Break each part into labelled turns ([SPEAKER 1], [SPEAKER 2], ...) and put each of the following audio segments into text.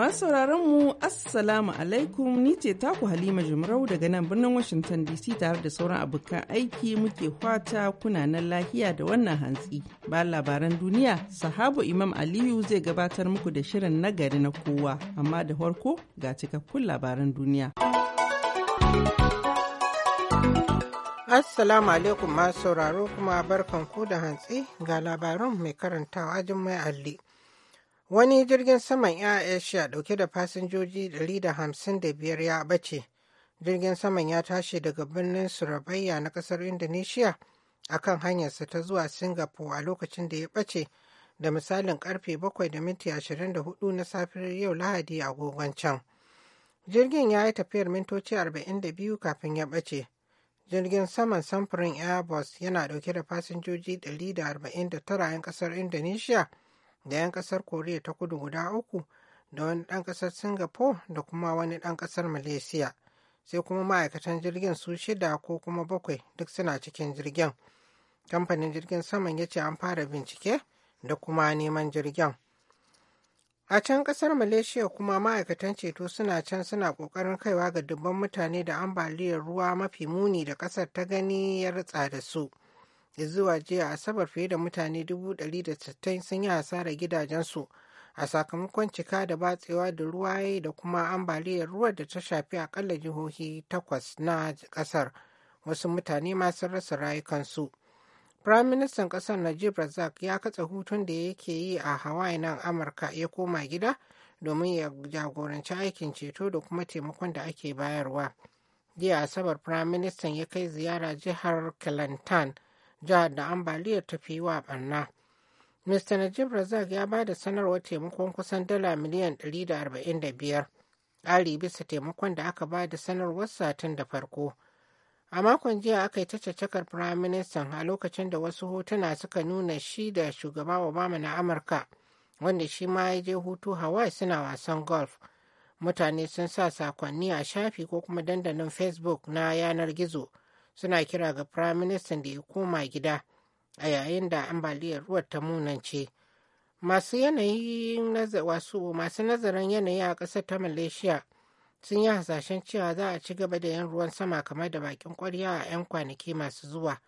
[SPEAKER 1] Masu sauraron mu Assalamu alaikum ni ce taku Halima Jumrau daga nan birnin Washington DC tare da sauran abokan aiki muke kwata kuna nan lahiya da wannan hantsi. Ba labaran duniya, sahabu Imam Aliyu zai gabatar muku da shirin nagari na kowa, amma da farko ga cikakkun labaran duniya.
[SPEAKER 2] Assalamu alaikum masu sauraro kuma barkan ku da hantsi ga labaran mai karantawa Jummai Ali. Wani jirgin saman Air Asia dauke da fasinjoji 155 ya bace. Jirgin saman ya tashi daga birnin Surabaya na kasar Indonesia a kan hanyarsa ta zuwa Singapore a lokacin da ya bace da misalin karfe bakwai da minti hudu na safiyar yau Lahadi agogon can. Jirgin ya yi tafiyar mintoci 42 kafin ya bace. Jirgin saman samfurin Airbus yana dauke da fasinjoji 149 'yan kasar Indonesia. da 'yan kasar koriya ta kudu guda uku da wani ɗan ƙasar singapore da kuma wani ɗan ƙasar malaysia sai kuma ma'aikatan jirgin su shida ko kuma bakwai duk suna cikin jirgin kamfanin jirgin saman ya ce an fara bincike da kuma neman jirgin a can kasar malaysia kuma ma'aikatan ceto suna can suna kokarin kaiwa ga dubban mutane da ambaliyar ruwa mafi muni da kasar ta gani ya ritsa da su zuwa jiya asabar fiye da mutane 160 sun yi hasarar gidajensu a sakamakon cika da batsewa da ruwaye da kuma ambaliyar ruwa da ta shafi akalla jihohi takwas na kasar wasu mutane masu rasa rayukansu Firaministan Ministan ƙasar Najib Razak ya katse hutun da yake yi a Hawaii nan Amurka ya koma gida domin ya jagoranci aikin ceto da kuma taimakon da ake bayarwa. Jiya Asabar firaministan ya kai ziyara jihar Kelantan jihar da ambaliyar ta fi wa barna. Mr. Najib Razak ya ba da sanarwar taimakon kusan dala miliyan 145 Ɗari bisa taimakon da aka ba da sanarwar satin da farko. A makon jiya aka yi ta firayim firaministan a lokacin da wasu hotuna suka nuna shi da shugaba Obama na Amurka, wanda shi ma ya je hutu Hawaii suna wasan golf. Mutane sun sa sakonni a shafi ko kuma dandalin Facebook na yanar gizo suna kira ga firaministan da ya koma gida a yayin da ambaliyar ruwa ta munance masu yanayi wasu masu nazarin yanayi a ƙasar ta malaysia sun yi hasashen cewa za a ci gaba da yan ruwan sama kamar da bakin kwarya a 'yan kwanaki masu zuwa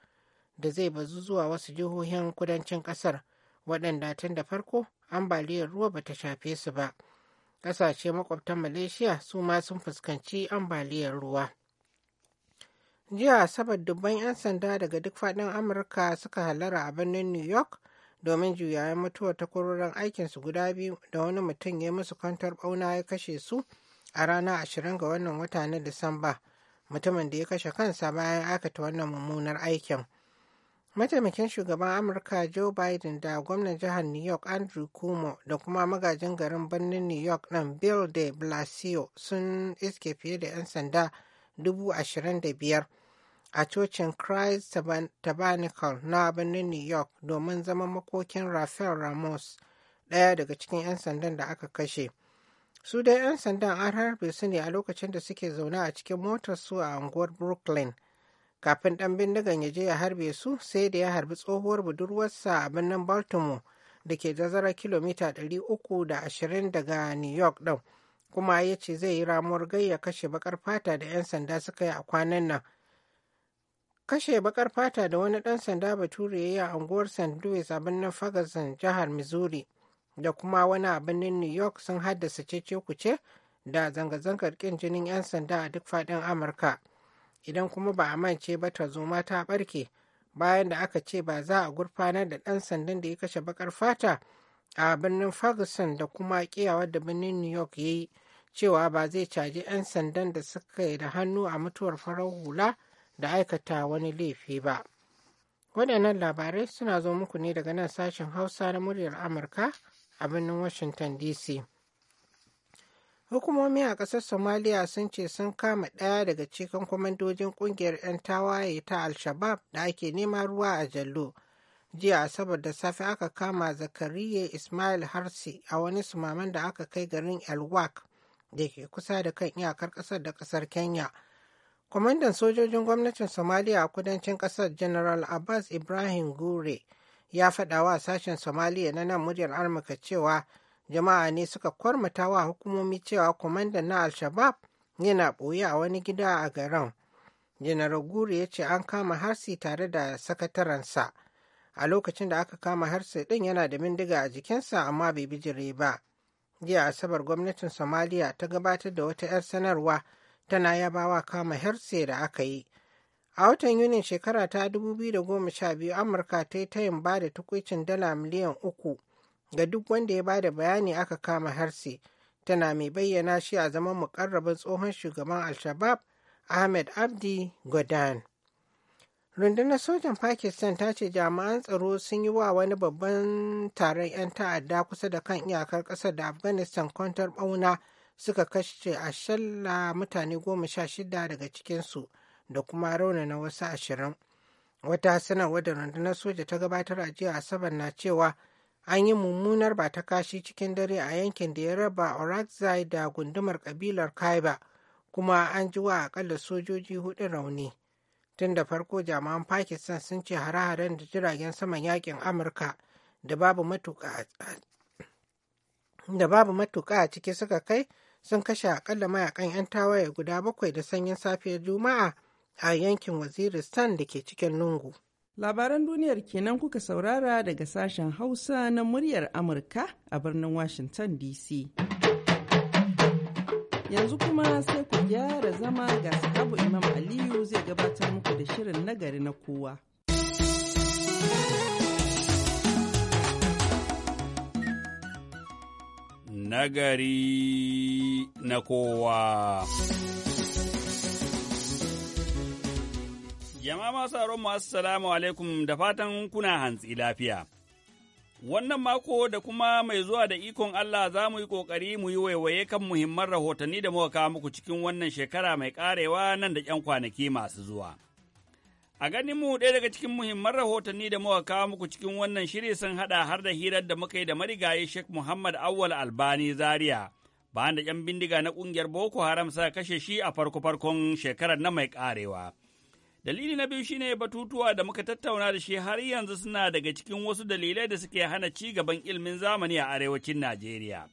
[SPEAKER 2] da zai bazu zuwa wasu jihohin kudancin ƙasar waɗanda tun da farko ambaliyar ruwa ba ta shafe su ba ƙasashe makwabtan malaysia su ma sun fuskanci ambaliyar ruwa jiya asabar dubban 'yan sanda daga duk faɗin amurka suka halara a birnin new york domin juyayen mutuwar takwarorin aikinsu guda biyu da wani mutum ya musu kwantar bauna ya kashe su a rana ashirin ga wannan wata na disamba mutumin da ya kashe kansa bayan aikata wannan mummunar aikin mataimakin shugaban amurka joe biden da gwamnan jihar new york andrew cuomo da kuma magajin garin birnin new york ɗin bill de blasio sun iske fiye da 'yan sanda dubu ashirin da biyar a cocin Christ Tabernacle na birnin New York domin zama makokin Rafael Ramos, ɗaya daga cikin 'yan sandan da aka kashe. Su dai 'yan sandan an harbe su ne a lokacin da suke zaune a cikin motar su a unguwar Brooklyn. Kafin ɗan bindigan ya je ya harbe su sai da ya harbi tsohuwar budurwarsa a birnin Baltimore da ke zazara kilomita 320 daga New York ɗin. Kuma ya ce zai yi ramuwar gayya kashe bakar fata da 'yan sanda suka yi a kwanan nan. kashe bakar fata da wani ɗan sanda bature ya yi a unguwar st louis a birnin ferguson jihar missouri da kuma wani a birnin new york sun haddasa cece kuce da zanga-zangar ƙin jinin 'yan sanda a duk faɗin amurka idan kuma ba a mance ba ta zo ta ɓarke bayan da aka ce ba za a gurfanar da ɗan sandan da ya kashe bakar fata a birnin ferguson da kuma kiyawar da birnin new york ya yi cewa ba zai caji 'yan sandan da suka yi da hannu a mutuwar farar hula da aikata wani laifi ba waɗannan labarai suna zo muku ne daga nan sashen hausa na muryar amurka a birnin washington dc hukumomi a ƙasar somaliya sun ce sun kama ɗaya daga cikin kwamandojin ƙungiyar 'yan tawaye ta al-shabab da ake nema ruwa a jallo jiya asabar da safe aka kama zakariya ismail harsi a wani sumaman da aka kai garin elwak da ke kusa da kan iyakar ƙasar da ƙasar kenya kwamandan sojojin gwamnatin somaliya a kudancin kasar general abbas ibrahim gure ya faɗa wa sashen somaliya na nan muryar amurka cewa jama'a ne suka kwarmata wa hukumomi cewa kwamandan na al-shabab yana ɓoye a wani gida a garin general gure ya ce an kama harsi tare da sakatarensa a lokacin da aka kama harsi ɗin yana da bindiga a jikinsa amma bai bijire ba jiya asabar gwamnatin somaliya ta gabatar da wata 'yar sanarwa tana yabawa kama herse da aka yi a watan yunin shekara ta 2012 amurka ta yi tayin ba da tukwicin dala miliyan uku ga duk wanda ya ba da bayani aka kama harse tana mai bayyana shi a zaman mukarrabin tsohon shugaban Alshabab ahmed abdi godan rundunar sojan pakistan ta ce jami'an tsaro sun yi wa wani babban taron 'yan ta'adda kusa da kan iyakar ƙasar da afghanistan kwantar bauna. suka kashe ashalla mutane goma sha shida daga cikinsu da kuma na wasu ashirin wata sanarwa da rundunar soja ta gabatar a jiya asabar na cewa an yi mummunar ba ta kashi cikin dare a yankin da ya raba orakzai da gundumar kabilar kaiba kuma an ji wa akalla sojoji hudu rauni tun da farko jami'an pakistan sun ce hare-haren da jiragen saman yakin amurka da babu matuka da babu matuƙa a ciki suka kai sun kashe akalla mayakan 'yan tawaye guda bakwai da sanyin safiyar juma'a a
[SPEAKER 1] yankin waziristan da ke cikin lungu. labaran duniyar kenan kuka saurara daga sashen hausa na muryar amurka a birnin washington dc yanzu kuma sai ku gyara zama ga sahabu imam aliyu zai gabatar muku da shirin nagari na kowa.
[SPEAKER 3] nagari na kowa. Yama masu tsaron masu salamu alaikum da fatan kuna hantsi lafiya. Wannan mako da kuma mai zuwa da ikon Allah za mu yi ƙoƙari mu yi waiwaye kan muhimman rahotanni da muka kawo muku cikin wannan shekara mai ƙarewa nan da ‘yan kwanaki masu zuwa. A ganin mu ɗaya daga cikin muhimman rahotanni da muka kawo muku cikin wannan shiri sun haɗa har da hirar da muka yi da marigayi Sheikh Muhammad Awwal Albani Zaria. Bayan da 'yan bindiga na ƙungiyar Boko Haram sa kashe shi a farko-farkon shekarar na mai ƙarewa. Dalili na biyu shine batutuwa da muka tattauna da shi har yanzu suna daga cikin wasu dalilai da suke hana ci gaban ilimin zamani a arewacin Najeriya.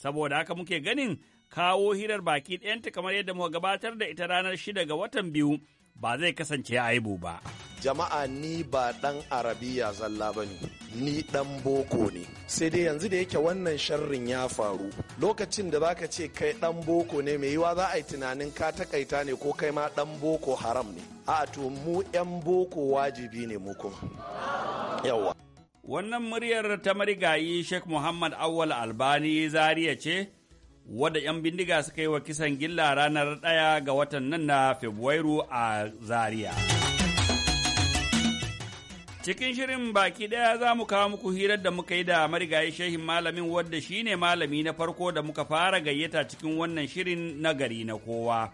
[SPEAKER 3] Saboda haka muke ganin kawo hirar baki ɗayanta kamar yadda muka gabatar da ita ranar shida ga watan biyu ba
[SPEAKER 4] zai kasance aibu ba. Jama'a ni ba ɗan Arabiya zalla ba ne, ni ɗan boko ne. Sai dai yanzu da yake wannan sharrin ya faru, lokacin da zaka ce kai ɗan boko ne mai yiwa za a yi tunanin ka takaita ne ko kai ma ɗan boko haram ne. A to mu 'yan boko wajibi ne mu kuma. Yawwa. Wannan
[SPEAKER 3] muryar ta marigayi Sheikh Muhammad Awal Albani Zaria ce, wadda 'yan bindiga suka yi wa kisan gilla ranar ɗaya ga watan nan na Fabrairu a Zaria. Cikin shirin baki ɗaya za mu kawo muku hirar da muka yi da marigayi shehin malamin wadda shi ne malami na farko da muka fara gayyata
[SPEAKER 4] cikin wannan shirin na gari na kowa.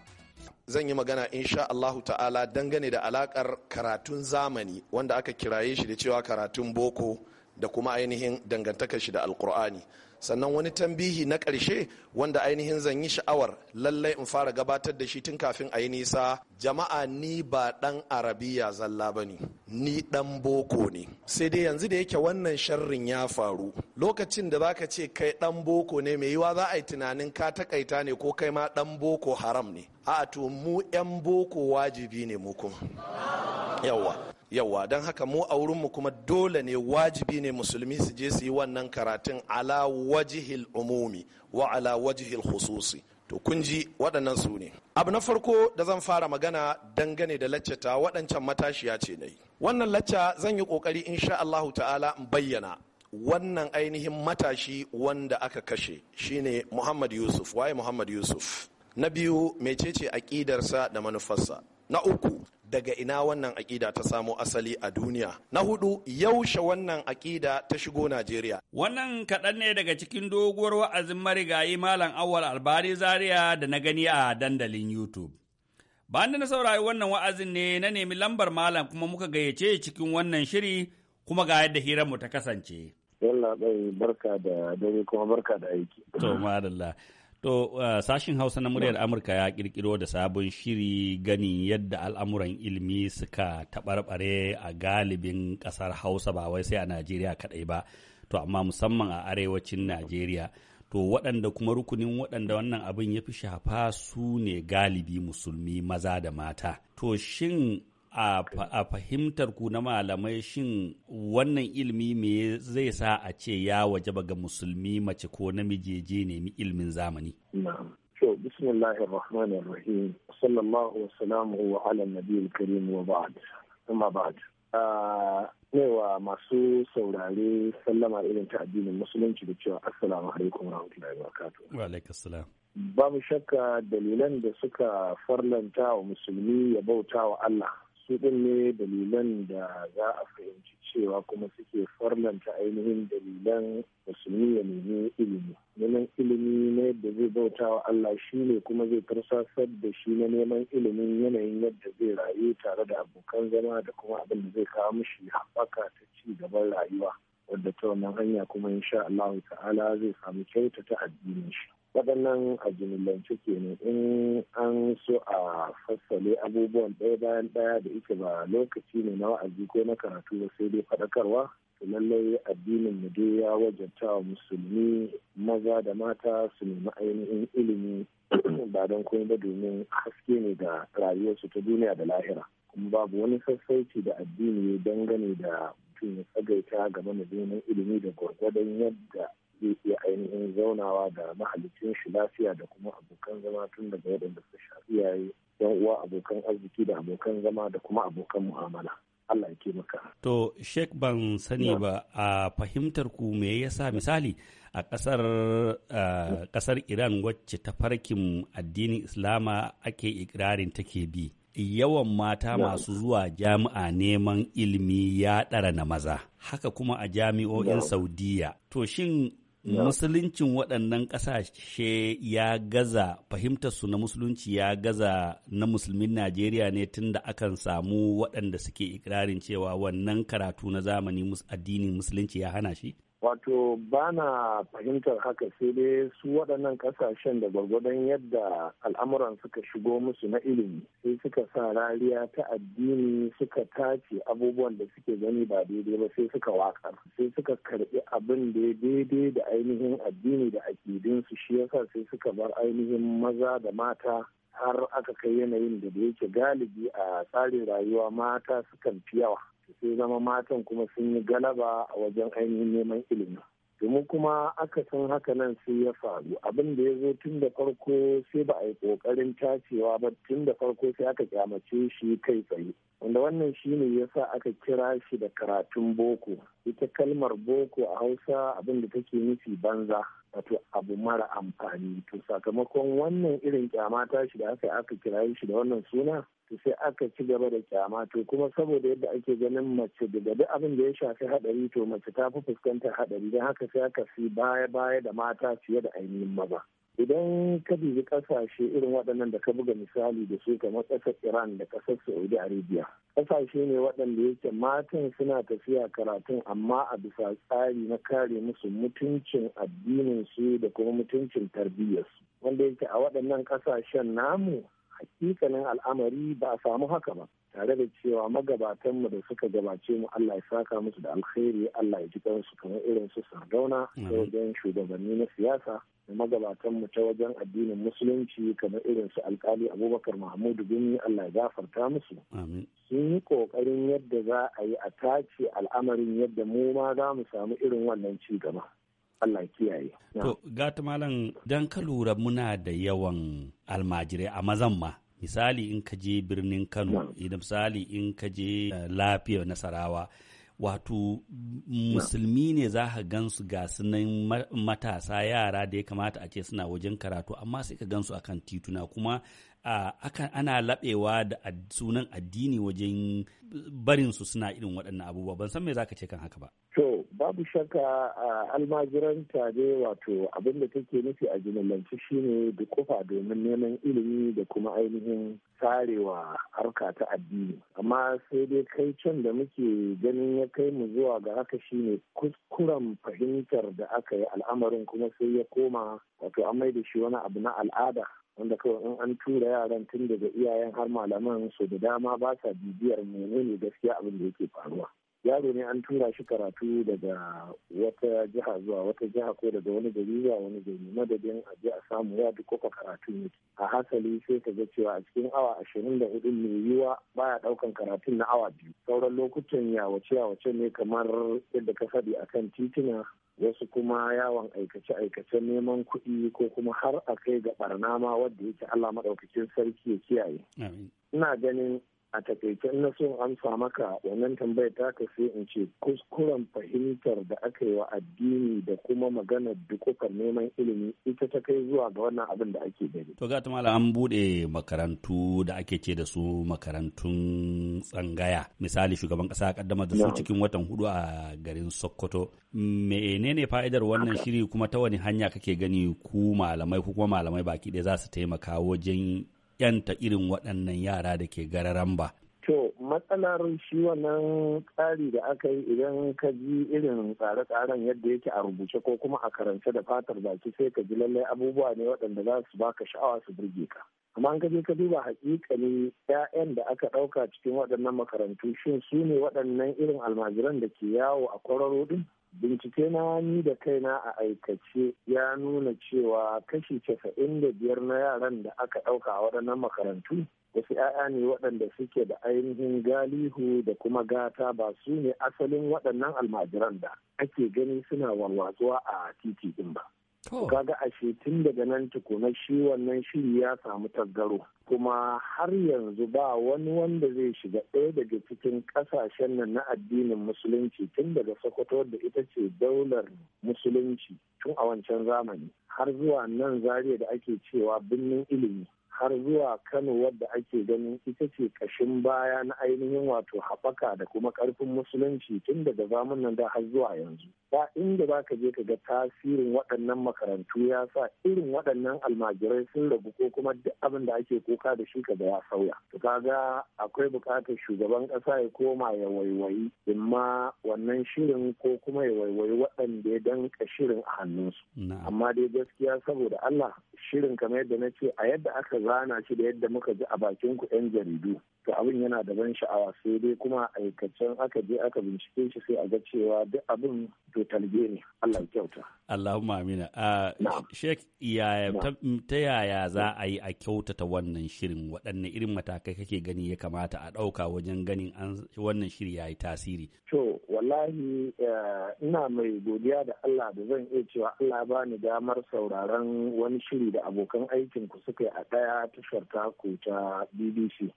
[SPEAKER 4] Zan yi magana insha Allahu ta'ala dangane da alakar karatun zamani wanda aka kiraye shi da cewa karatun boko da kuma ainihin dangantakar shi da alkur'ani. sannan wani tambihi na ƙarshe wanda ainihin zan yi sha'awar lallai in fara gabatar da shi tun kafin a yi nisa jama'a ni ba ɗan arabiya zalla ba ne ni ɗan boko ne sai dai yanzu da yake wannan sharrin ya faru lokacin da zaka ce kai ɗan boko ne mai yiwa za a yi tunanin ka takaita ne ko kai ma ɗan boko haram ne a'a to mu ɗan boko wajibi ne mu kuma yawwa yawa don haka mu a wurinmu kuma dole ne wajibi ne musulmi su je su yi wannan karatun ala wajihil umumi wa ala wajihil hususi to kun ji waɗannan su ne abu na farko da zan fara magana dangane da laccata waɗancan matashiya ce na yi wannan lacca zan yi ƙoƙari insha Allah ta'ala in bayyana wannan ainihin matashi wanda aka kashe shine Muhammad Yusuf waye Muhammad Yusuf na biyu mecece aƙidarsa da manufarsa na uku daga ina wannan aƙida ta samo asali a duniya. Na hudu yaushe wannan aƙida ta shigo Najeriya.
[SPEAKER 3] Wannan kaɗan ne daga cikin doguwar wa'azin marigayi Malam Awal Albari Zaria da na gani a dandalin YouTube. Bayan da na saurari wannan wa'azin ne na nemi lambar Malam kuma muka gayyace cikin wannan shiri kuma ga yadda mu ta kasance.
[SPEAKER 5] Yalla bai barka da dare kuma barka da aiki. To madalla. To
[SPEAKER 3] uh, sashin Hausa na muryar Amurka ya kirkiro da sabon shiri ganin yadda al'amuran ilimi suka taɓarɓare a galibin ƙasar Hausa ba wai sai a Najeriya kaɗai ba, to amma musamman a arewacin Najeriya. to waɗanda kuma rukunin waɗanda wannan abin ya fi shafa su ne galibi musulmi maza da mata to shin a fahimtar ku na malamai shin wannan ilimi me zai sa a ce ya waje ga musulmi mace ko namiji je nemi ilimin zamani
[SPEAKER 5] to masu saurare sallama irin ta addinin musulunci da cewa assalamu alaikum wa rahmatullahi wa barakatuh
[SPEAKER 3] wa alaikum assalam
[SPEAKER 5] mu shakka dalilan da suka farlanta wa musulmi ya bauta wa Allah su ɗin ne dalilan da za a fahimci cewa kuma suke farlanta ainihin dalilan musulmi ya nemi ilimi neman ilimi na yadda zai bauta wa Allah shi ne kuma zai tarsasar da shi na neman ilimin yanayin yadda zai rayu tare da abokan zama da kuma abin da zai kawo mishi haɓaka ta ci gaban rayuwa wadda ta wannan hanya kuma insha Allah ta'ala zai samu kyautata addinin shi waɗannan a jimillance kenan in an so a fassale abubuwan ɗaya bayan ɗaya da ita ba lokaci ne na wa'azi ko na karatu ba sai dai faɗakarwa lallai addinin mu dai ya wajabta wa musulmi maza da mata su nemi ainihin ilimi ba don kuma ba domin haske ne ga rayuwarsu ta duniya da lahira kuma babu wani sassauci da addini ya dangane da mutum ya tsagaita game da neman ilimi da gwargwadon yadda zai iya ainihin zaunawa mahalicin shi lafiya da kuma abokan zama tun daga waɗanda suka shafi yayi, yan uwa abokan arziki da abokan zama da kuma abokan mu'amala Allah ya ke maka.
[SPEAKER 3] To Sheikh ban sani ba a fahimtar ku me yasa misali a ƙasar ƙasar Iran wacce ta farkin addinin Islama ake ikirarin take bi yawan mata masu zuwa jami'a neman ilimi ya ɗara na maza haka kuma a jami'o'in Saudiya to shin musuluncin waɗannan ƙasashe ya gaza fahimtarsu na musulunci ya gaza na musulmin najeriya ne tun da akan samu waɗanda suke ikirarin cewa wannan karatu na zamani addinin musulunci ya hana
[SPEAKER 5] shi wato ba na fahimtar haka sai dai su waɗannan ƙasashen da gwargwadon yadda al'amuran suka shigo musu na ilimi sai suka sa rariya ta addini suka tace abubuwan da suke gani ba daidai ba sai suka wakar sai suka karɓi abin da ya daidai da ainihin addini da akidinsu shi yasa sai suka bar ainihin maza da mata har aka kai yanayin da da yake galibi a tsarin rayuwa mata sukan fi yawa sai zama matan kuma sun yi galaba a wajen ainihin neman ilimi domin kuma aka san haka nan sai ya faru abin da ya zo tun da farko sai ba a yi kokarin tacewa ba tun da farko sai aka kyamace shi kai tsaye wanda wannan shi ne ya sa aka kira shi da karatun boko ita kalmar boko a hausa abin da take nufi banza wato abu mara amfani to sakamakon wannan irin kyama tashi da aka aka kira shi da wannan suna to sai aka ci gaba da kyama to kuma saboda yadda ake ganin mace daga duk abin da ya shafi hadari to mace ta fi fuskantar hadari don haka sai aka fi baya baya da mata fiye da ainihin maza idan ka dubi kasashe irin waɗannan da ka buga misali da su kamar ƙasar iran da ƙasar saudi arabia ƙasashe ne waɗanda yake matan suna tafiya karatun amma a bisa tsari na kare musu mutuncin addinin su da kuma mutuncin tarbiyyarsu wanda yake a waɗannan ƙasashen namu hakikanin al'amari ba a samu haka ba tare da cewa magabatanmu da suka gabace mu Allah ya saka musu da alkhairi Allah ya ji kansu kamar irin su sardauna ta wajen shugabanni na siyasa da magabatanmu ta wajen addinin musulunci kamar irin su alkali abubakar mahmudu gumi Allah ya gafarta musu sun yi kokarin yadda za a yi a tace al'amarin yadda mu ma za mu samu irin wannan ci gaba Allah kiyaye. To
[SPEAKER 3] gata malam dan ka lura muna da yawan almajirai a mazan ma misali in ka je birnin Kano idan misali in ka je eh, lafiya Nasarawa wato musulmi ne za ka gansu ga sunan matasa yara da ya kamata a ce suna wajen karatu amma sai ka gansu akan tituna kuma akan ana laɓewa da sunan addini wajen barinsu suna irin waɗannan abubuwa ban san me za ka ce kan haka ba.
[SPEAKER 5] To, babu shakka a almajiranta ne wato abinda take nufi a jimillanci shine da kofa domin neman ilimi da kuma ainihin tsarewa harka ta addini. Amma sai dai kai can da muke ganin ya kai mu zuwa ga haka shine kuskuren fahimtar da aka yi al'amarin kuma sai ya koma wato an mai da shi wani abu na al'ada. wanda kawai in an tura yaran tun daga iyayen har malaman su da dama ba sa bibiyar menene gaskiya abin da yake faruwa yaro ne an tura shi karatu daga wata jiha zuwa wata jiha ko daga wani gari zuwa wani gari madadin a je a samu ya duk kofa karatu ne a hasali sai ka ga cewa a cikin awa ashirin da hudu ne yiwa baya daukan karatun na awa biyu sauran lokutan yawace yawace ne kamar yadda ka faɗi akan tituna wasu kuma yawon aikace-aikace neman kuɗi ko kuma har a kai ga barna ma wadda yake Allah maɗaukakin sarki ya kiyaye. Ina ganin a takaicen na so amsa maka wannan tambayar ta ka sai in ce kuskuren fahimtar da aka yi wa addini da kuma magana dukkan neman ilimi ita ta kai zuwa ga wannan abin da ake gani.
[SPEAKER 3] To ga ta an buɗe makarantu da ake ce da su makarantun tsangaya misali shugaban ƙasa kaddamar da su cikin watan hudu a garin Sokoto. Menene fa'idar wannan shiri kuma ta wani hanya kake gani ku malamai ko kuma malamai baki ɗaya za su taimaka wajen yanta irin waɗannan yara da ke ba.
[SPEAKER 5] To matsalar shi wannan tsari da aka yi idan ka ji irin tsare-tsaren yadda yake a rubuce ko kuma a karance da fatar baki sai ka ji lallai abubuwa ne waɗanda za su baka sha'awa su burge ka. Amma ka je ka duba ne ‘ya'yan da aka ɗauka cikin waɗannan makarantu shin su ne waɗannan irin almajiran da ke yawo a kwararo ɗin? bincike na wani da kaina a aikace ya nuna cewa kashi casa'in da biyar na yaran da aka ɗauka a waɗannan makarantu wasu 'ya'ya ne waɗanda suke da ainihin galihu da kuma gata ba su ne asalin waɗannan almajiran da ake gani suna warwatsuwa a titi ɗin ba kaga ashe tun daga nan tukuna shi wannan shiri ya samu tagaro kuma har yanzu ba wani wanda zai shiga ɗaya daga cikin ƙasashen nan na addinin musulunci tun daga sokoto da ita ce daular musulunci tun a wancan zamani har zuwa nan zariya da ake cewa birnin ilimi har zuwa kano wadda ake ganin ita ce kashin baya na ainihin wato haɓaka da kuma ƙarfin musulunci tun daga zamanin da har zuwa yanzu ba inda za ka je ka ga tasirin waɗannan makarantu ya sa irin waɗannan almajirai sun rabu ko kuma duk abin da ake kuka da shi kaga ya sauya to kaga akwai buƙatar shugaban ƙasa ya koma ya waiwayi imma wannan shirin ko kuma ya waiwayi waɗanda ya danka shirin a hannunsu amma dai gaskiya saboda Allah shirin kamar yadda na ce a yadda aka rana shi da yadda muka ji a bakin ku 'yan jaridu to abin yana da ban sha'awa sai dai kuma aikacen aka je aka bincike shi sai a ga cewa duk abin to talge ne Allah kyauta
[SPEAKER 3] Allahumma amina a yaya ta yaya za a yi a kyautata wannan shirin waɗanne irin matakai kake gani ya kamata a ɗauka wajen ganin an wannan shiri yayi tasiri
[SPEAKER 5] to wallahi eh, ina mai godiya da Allah da zan iya cewa Allah bani damar sauraron wani shiri da abokan aikin ku suka yi a ɗaya tashar taku ta BBC.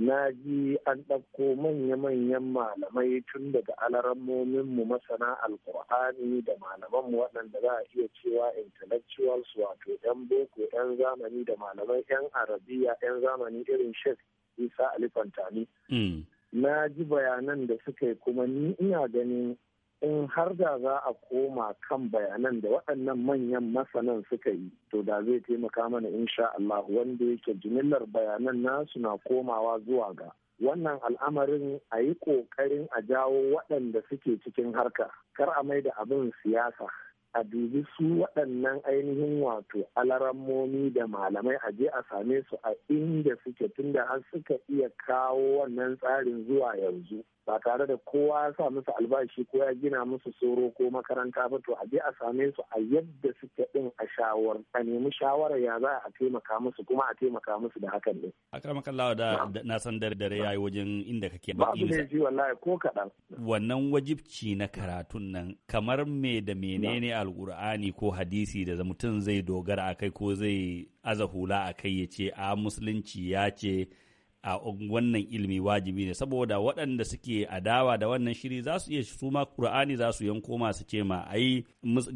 [SPEAKER 5] Na ji an ɗauko manya-manyan malamai tun daga mu masana alkur'ani da malaman mu waɗanda za a iya cewa intellectuals wato 'yan boko 'yan zamani da malamai 'yan arabiya 'yan zamani irin shek isa alifantani. Mm. Na ji bayanan da suka yi kuma ni ina ganin in har da za a koma kan bayanan da waɗannan manyan masanan suka yi to da zai taimaka mana insha Allah wanda yake jimillar bayanan nasu na komawa zuwa ga wannan al'amarin a yi ƙoƙarin a jawo waɗanda suke cikin harka kar a mai da abin siyasa a dubi su waɗannan ainihin wato alarammomi da malamai a je a same su a inda suke tunda har suka iya kawo wannan tsarin zuwa yanzu ba tare da kowa ya sa musu albashi ko ya gina musu tsoro ko makaranta ba to a je a same su a yadda suke din a shawar a nemi shawarar ya za a taimaka musu kuma a taimaka musu da hakan ne.
[SPEAKER 3] a karamakan lawa da na san dare dare ya yi wajen inda kake ba abu ne
[SPEAKER 5] ji wallahi ko kaɗan.
[SPEAKER 3] wannan wajibci na karatun nan kamar me da menene alkur'ani ko hadisi da mutum zai dogara a kai ko zai aza hula a kai ya ce a musulunci ya ce a wannan ilmi wajibi ne saboda waɗanda suke adawa da wannan shiri za su iya su ma zasu za su yanko masu ce ma ai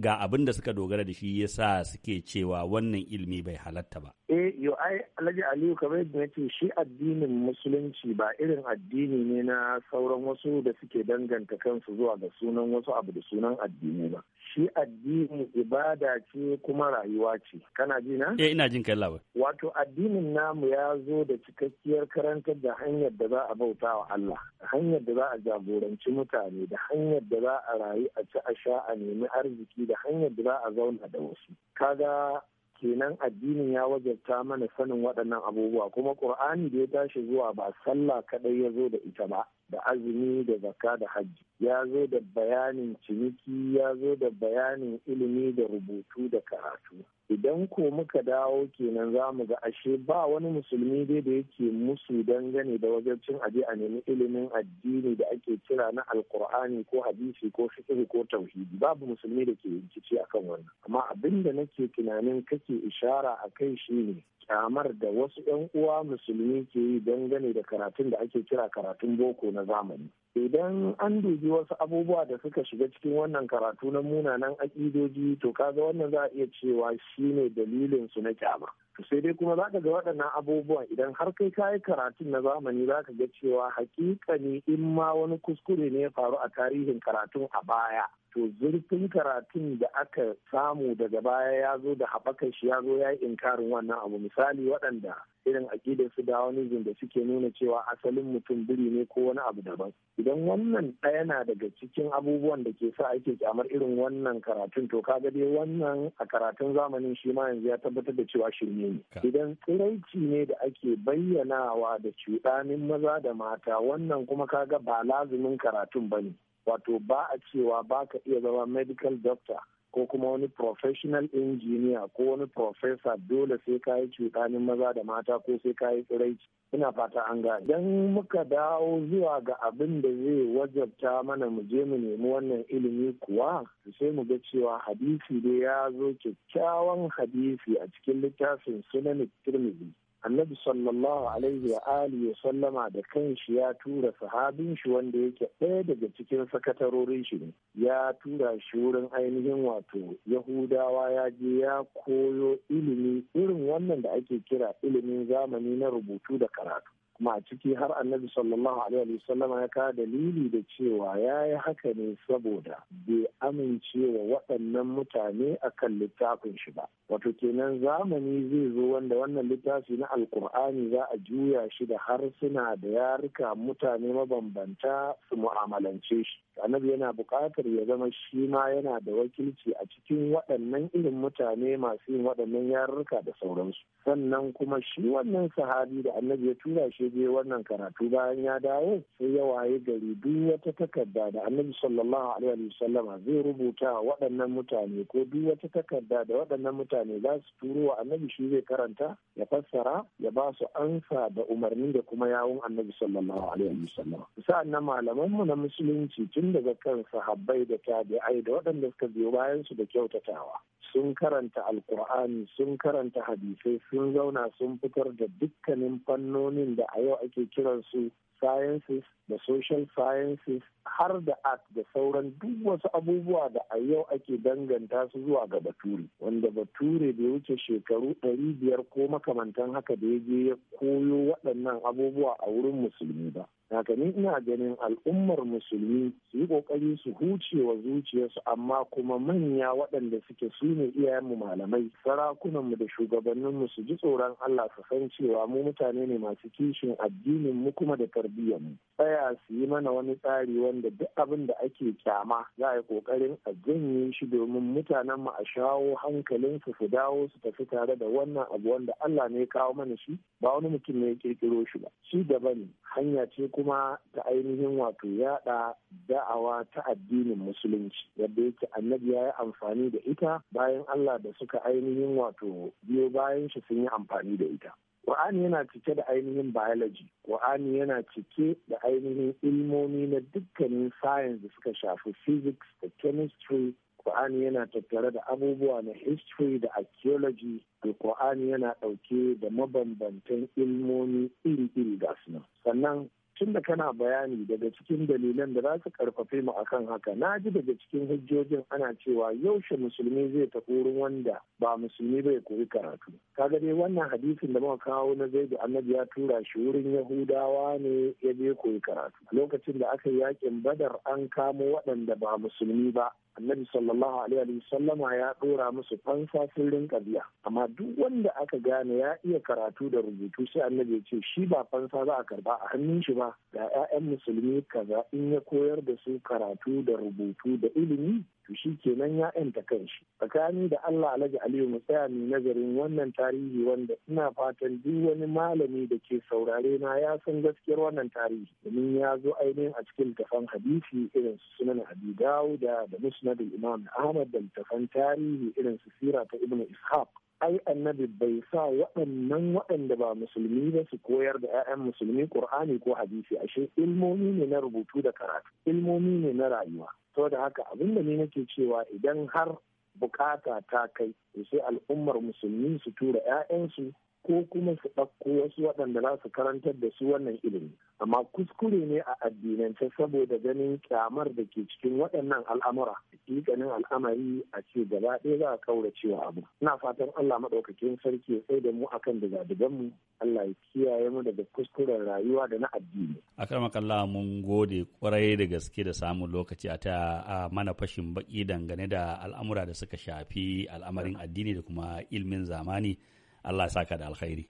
[SPEAKER 3] ga abin da suka dogara da shi ya sa suke cewa wannan ilmi bai halatta ba
[SPEAKER 5] eh yo ai Alhaji Aliyu kamar yadda ce shi addinin musulunci ba irin addini ne na sauran wasu da suke danganta kansu zuwa ga sunan wasu abu da sunan addini ba shi addini ibada ce kuma rayuwa ce kana ji na
[SPEAKER 3] eh ina jin kallawa
[SPEAKER 5] wato addinin namu ya zo da cikakkiyar karantar da hanyar da za a bauta wa Allah da hanyar da za a jagoranci mutane da hanyar da za a rayu a ci a sha a nemi arziki da hanyar da za a zauna da wasu kaga kenan addinin ya wajabta mana sanin waɗannan abubuwa kuma ƙur'ani da ya tashi zuwa ba sallah kadai ya zo da ita ba da azumi da zaka da hajji ya zo da bayanin ciniki ya zo da bayanin ilimi da rubutu da karatu idan ko muka dawo kenan za mu ga ashe ba wani musulmi dai da yake musu dangane da wajen cin aje a nemi ilimin addini da ake kira na alkur'ani ko hadisi ko fiqh ko tauhidi babu musulmi da ke rikici akan wannan amma abin da nake tunanin kake ishara a kai shine kyamar da wasu 'yan uwa musulmi ke yi dangane da karatun da ake kira karatun boko na zamani idan an dubi wasu abubuwa da suka shiga cikin wannan karatu na munanan aƙidoji to kaga wannan za a iya cewa shine dalilin su na kyama to sai dai kuma zaka ga waɗannan abubuwan idan har kai kayi karatun na zamani za ka ga cewa hakika ne in ma wani kuskure ne ya faru a tarihin karatun a baya to zurfin karatun da aka samu daga baya ya zo da haɓakar shi ya zo ya yi inkarin wannan abu misali waɗanda irin aƙidar su dawanism da suke nuna cewa asalin mutum biri ne ko wani abu daban idan wannan ɗaya na daga cikin abubuwan da ke sa ake kyamar irin wannan karatun to kaga dai wannan a karatun zamanin shi ma yanzu ya tabbatar da cewa shirme ne idan tsiraici ne da ake bayyanawa da cuɗanin maza da mata wannan kuma kaga ba lazumin karatun ba ne wato ba a cewa ba ka iya zama medical doctor ko kuma wani professional engineer ko wani professor dole sai ka yi cuɗanin maza da mata ko sai ka yi tsiraici ina fata an gane idan muka dawo zuwa ga abin da zai wajabta mana mu je mu nemi wannan ilimi kuwa sai mu ga cewa hadisi dai ya zo kyakkyawan hadisi a cikin littafin sunan tirmidhi annabi sallallahu alaihi wa alihi sallama da kanshi ya tura sahabin shi wanda yake ɗaya daga cikin sakatarorin shi ne ya tura shi wurin ainihin wato yahudawa ya je ya koyo ilimi irin wannan da ake kira ilimin zamani na rubutu da karatu kuma a ciki har annabi sallallahu alaihi sallama ya kawo dalili da cewa ya yi haka ne saboda bai amincewa waɗannan mutane akan littafin shi ba wato kenan zamani zai zo wanda wannan littafi na alkur'ani za a juya shi da harsuna da yarika mutane mabambanta su mu'amalance shi annabi yana buƙatar ya zama shi ma yana da wakilci a cikin waɗannan irin mutane masu yin waɗannan yarurruka da sauransu sannan kuma shi wannan sahabi da annabi ya tura shi je wannan karatu bayan ya dawo sai ya waye gari duk wata takarda da annabi sallallahu alaihi sallama? zai rubuta waɗannan mutane ko duk wata takarda da waɗannan mutane za su turo wa annabi shi zai karanta ya fassara ya ba su ansa da umarni da kuma yawun annabi sallallahu alaihi wasallama sa'an nan malaman mu na musulunci tun daga kan sahabbai da tabi'ai da waɗanda suka biyo bayansu da kyautatawa sun karanta alkur'ani sun karanta hadisai sun zauna sun fitar da dukkanin fannonin da a yau ake kiransu sciences da social sciences har da art da sauran duk wasu abubuwa da a yau ake danganta su zuwa ga bature wanda bature bai wuce shekaru ɗari biyar ko makamantan haka da ya je ya koyo waɗannan abubuwa a wurin musulmi ba ni ina ganin al'ummar musulmi su yi kokari su huce wa zuciyarsu amma kuma manya waɗanda suke su ne iyayenmu malamai sarakunanmu da shugabanninmu su ji tsoron allah su san cewa mu mutane ne masu kishin addinin mu kuma da tarbiyyarmu tsaya tsaya su yi mana wani tsari wanda duk abin da ake kyama za a yi kokarin a janye shi domin mutanen mu a shawo hankalin su su dawo su tafi tare da wannan abu wanda Allah ne ya kawo mana shi ba wani mutum ne ya kirkiro shi ba shi gaba ne hanya ce kuma ta ainihin wato yada da'awa ta addinin musulunci yadda yake annabi ya yi amfani da ita bayan Allah da suka ainihin wato biyo bayan shi sun yi amfani da ita Ƙur'ani yana cike da ainihin biology, Ƙur'ani yana cike da ainihin ilmomi na dukkanin science da suka shafi physics da chemistry, Ƙur'ani yana tattare da abubuwa na history da archaeology, da Ƙur'ani yana ɗauke da mabambantan ilmomi iri-iri da nan. Sannan tun da kana bayani daga cikin dalilan da za su karfafe mu akan haka na ji daga cikin hujjojin ana cewa yaushe musulmi zai tafi wurin wanda ba musulmi bai koyi karatu kaga dai wannan hadisin da muka kawo na zaidu annabi ya tura shi wurin yahudawa ne ya je koyi karatu lokacin da aka yi yakin badar an kamo waɗanda ba musulmi ba annabi sallallahu alaihi wa sallama ya dora musu fansa sun rinka amma duk wanda aka gane ya iya karatu da rubutu sai annabi ya ce shi ba fansa za a karba a hannun shi ba ga 'ya'yan musulmi kaza in ya koyar da su karatu da rubutu da ilimi to shi kenan ya yanta kanshi tsakani da Allah alhaji Aliyu mu tsaya mai nazarin wannan tarihi wanda ina fatan duk wani malami da ke saurare na ya san gaskiyar wannan tarihi domin ya zo ainihin a cikin tafan hadisi irin su sunan Abi Dawuda da Musnadul Imam Ahmad da tafan tarihi irin su sira ta Ibn Ishaq ai annabi bai sa waɗannan waɗanda ba musulmi ba su koyar da 'ya'yan musulmi ƙur'ani ko hadisi ashe ilmomi ne na rubutu da karatu ilmomi ne na rayuwa saboda haka abin da ni nake cewa idan har bukata ta kai sai al'ummar musulmi su tura 'ya'yansu ko kuma su ɗauko wasu waɗanda za su karantar da su wannan ilimi amma kuskure ne a addinance saboda ganin kyamar da ke cikin waɗannan al'amura ganin al'amari a ce gaba ɗaya za a cewa abu ina fatan Allah maɗaukakin sarki sai da mu akan digadigan mu Allah ya kiyaye mu daga kuskuren rayuwa da na addini
[SPEAKER 3] a kalla mun gode kwarai da gaske da samun lokaci a ta mana fashin baki dangane da al'amura da suka shafi al'amarin addini da kuma ilimin zamani Allah ya saka da alkhairi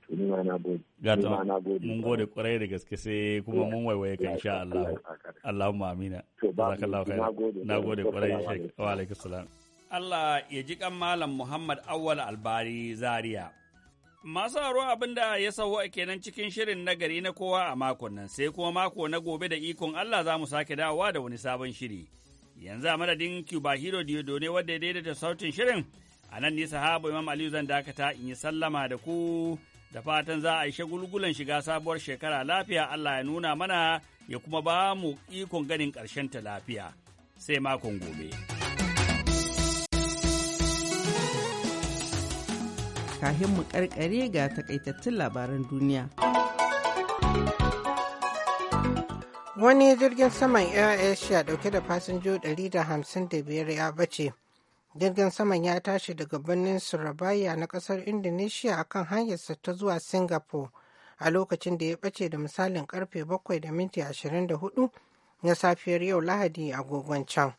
[SPEAKER 3] gata mun gode kwarai da gaske sai kuma mun waiwaye ka insha Allah Allahumma amina khair. Na gode kwarai shek wa alaikum salam Allah ya ji kan malam Muhammad Awwal Albari Zaria Masu haro abinda ya sauwa kenan cikin shirin na gari na kowa a makon nan, sai kuma mako na gobe da ikon Allah za mu sake dawowa da wani sabon shiri. Yanzu a madadin Cuba Hero Diodo ne wadda ya daidaita sautin shirin A nan ne sahabo Imam Aliyu zan dakata in yi sallama da ku da fatan za a yi shagulgulan shiga sabuwar shekara lafiya Allah ya nuna mana ya kuma ba mu ikon ganin ta lafiya. Sai makon gobe.
[SPEAKER 1] Kahin mu karkare ga takaitattun labaran duniya.
[SPEAKER 2] Wani jirgin saman Air Asia ɗauke da fasinjo 155 ya bace. jirgin saman ya tashi daga birnin surabaya na kasar indonesia a kan hanyarsa ta zuwa singapore a lokacin da ya bace da misalin karfe bakwai, da minti hudu na safiyar yau lahadi agogon can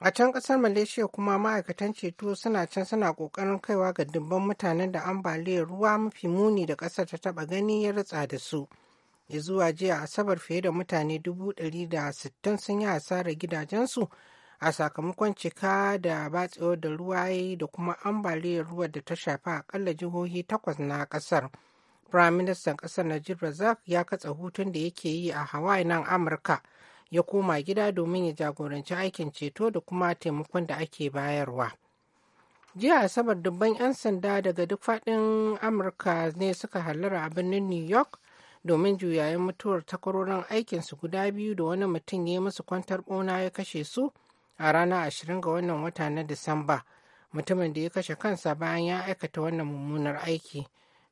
[SPEAKER 2] a can kasar malaysia kuma ma'aikatan ceto suna can suna kokarin kaiwa ga dubban mutanen da ambaliyar ruwa mafi muni da kasar ta taba gani ya ritsa da su zuwa jiya asabar fiye da mutane 160 sun yi asarar gidajensu a sakamakon cika da batsewar da ruwaye da kuma ambaliyar ruwa da ta shafa akalla jihohi takwas na kasar prime minister kasar najib razak ya katsa hutun da yake yi a hawaii nan amurka ya koma gida domin ya jagoranci aikin ceto da kuma taimakon da ake bayarwa jiya asabar dubban 'yan sanda daga duk faɗin amurka ne suka hallara a birnin new york domin juyayen mutuwar takwarorin aikinsu guda biyu da wani mutum ya yi musu kwantar bona ya kashe su a ranar 20 ga wannan wata na Disamba mutumin da ya kashe kansa bayan ya aikata wannan mummunar aiki.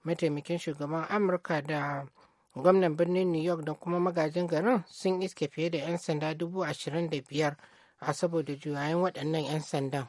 [SPEAKER 2] Mataimakin shugaban Amurka da gwamnan birnin New York da kuma magajin garin
[SPEAKER 1] sun iske fiye da 'yan sanda dubu ashirin da biyar a saboda juyayen waɗannan 'yan sandan.